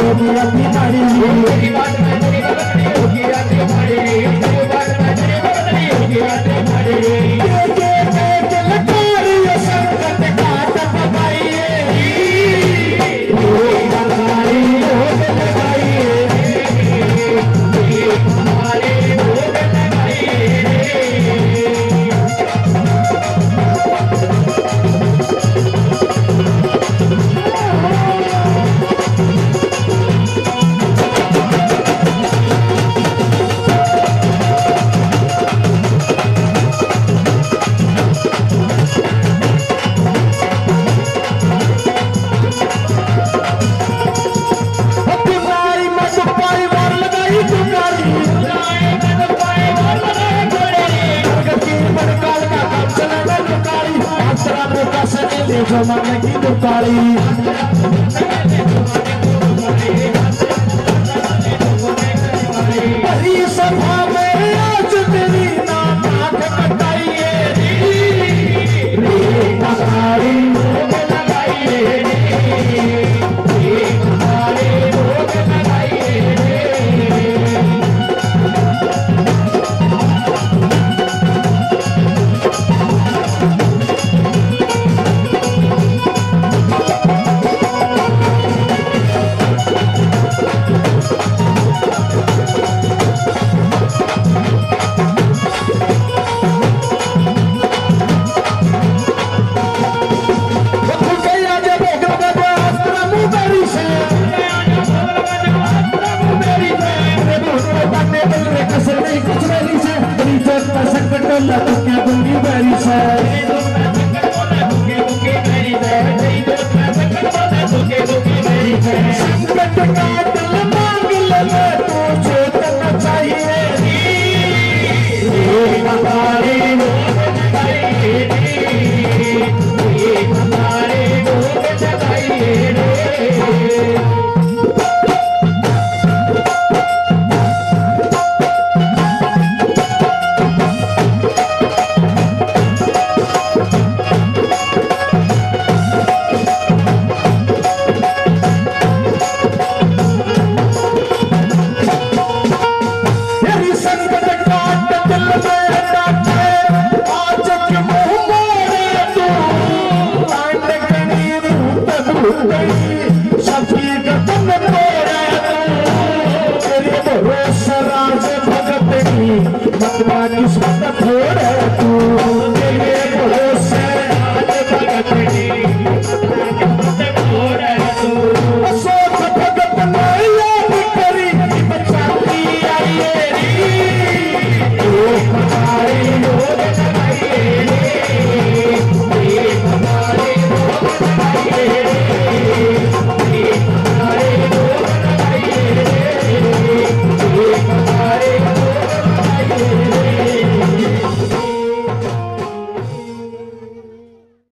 अपनी मारी تو منه کي ڏکاري منه تي है في گتن